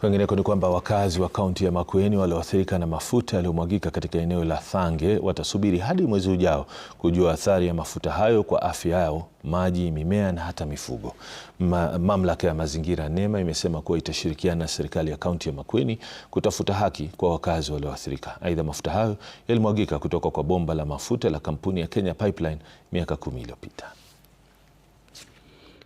Kwengineko ni kwamba wakazi wa kaunti ya Makueni walioathirika na mafuta yaliyomwagika katika eneo la Thange watasubiri hadi mwezi ujao kujua athari ya mafuta hayo kwa afya yao, maji, mimea na hata mifugo. Ma, mamlaka ya mazingira NEMA imesema kuwa itashirikiana na serikali ya kaunti ya Makueni kutafuta haki kwa wakazi walioathirika. Aidha, mafuta hayo yalimwagika kutoka kwa bomba la mafuta la kampuni ya Kenya Pipeline miaka kumi iliyopita.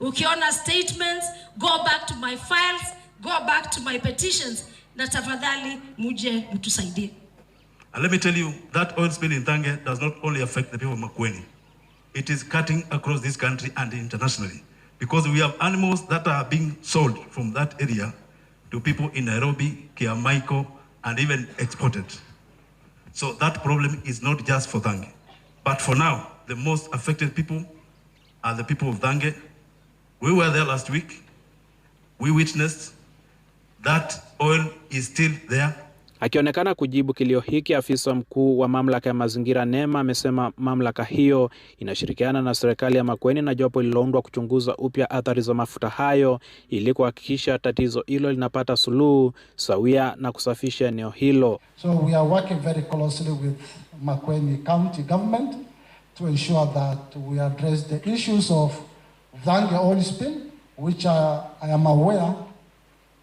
Ukiona statements, go back to my files, go back to my petitions, na tafadhali muje mtusaidie. And let me tell you, that oil spill in Thange does not only affect the people of Makueni. It is cutting across this country and internationally because we have animals that are being sold from that area to people in Nairobi, Kiamaiko, and even exported. So that problem is not just for Thange. But for now, the most affected people are the people of Thange We were there last week. We witnessed that oil is still there. Akionekana kujibu kilio hiki, afisa mkuu wa mamlaka ya mazingira NEMA amesema mamlaka hiyo inashirikiana na serikali ya Makueni na jopo lililoundwa kuchunguza upya athari za mafuta hayo ili kuhakikisha tatizo hilo linapata suluhu sawia na kusafisha eneo hilo. So we are working very closely with Makueni County government to ensure that we address the issues of than the oil spill, which I, I am aware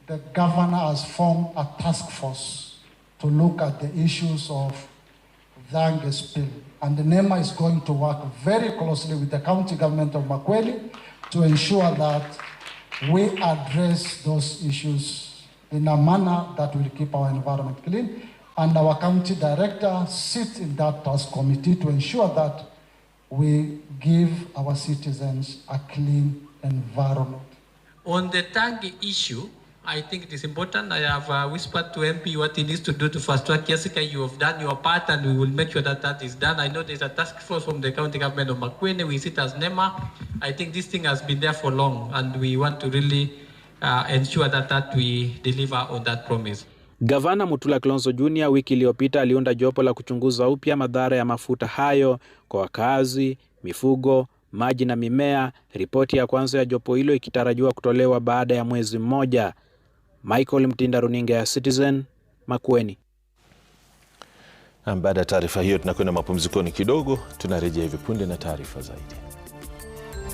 the governor has formed a task force to look at the issues of Zange spill. And the NEMA is going to work very closely with the county government of Makweli to ensure that we address those issues in a manner that will keep our environment clean. And our county director sits in that task committee to ensure that we give our citizens a clean environment. On the tank issue, I think it is important. I have uh, whispered to MP what he needs to do to fast track. Jessica, you have done your part and we will make sure that that is done. I know there's a task force from the county government of Makwene. We sit as NEMA. I think this thing has been there for long and we want to really uh, ensure that, that we deliver on that promise. Gavana Mutula Kilonzo Jr wiki iliyopita aliunda jopo la kuchunguza upya madhara ya mafuta hayo kwa wakazi, mifugo, maji na mimea, ripoti ya kwanza ya jopo hilo ikitarajiwa kutolewa baada ya mwezi mmoja. Michael Mtinda, runinga ya Citizen, Makueni. Baada ya taarifa hiyo, tunakwenda mapumzikoni kidogo, tunarejea hivi punde na taarifa zaidi.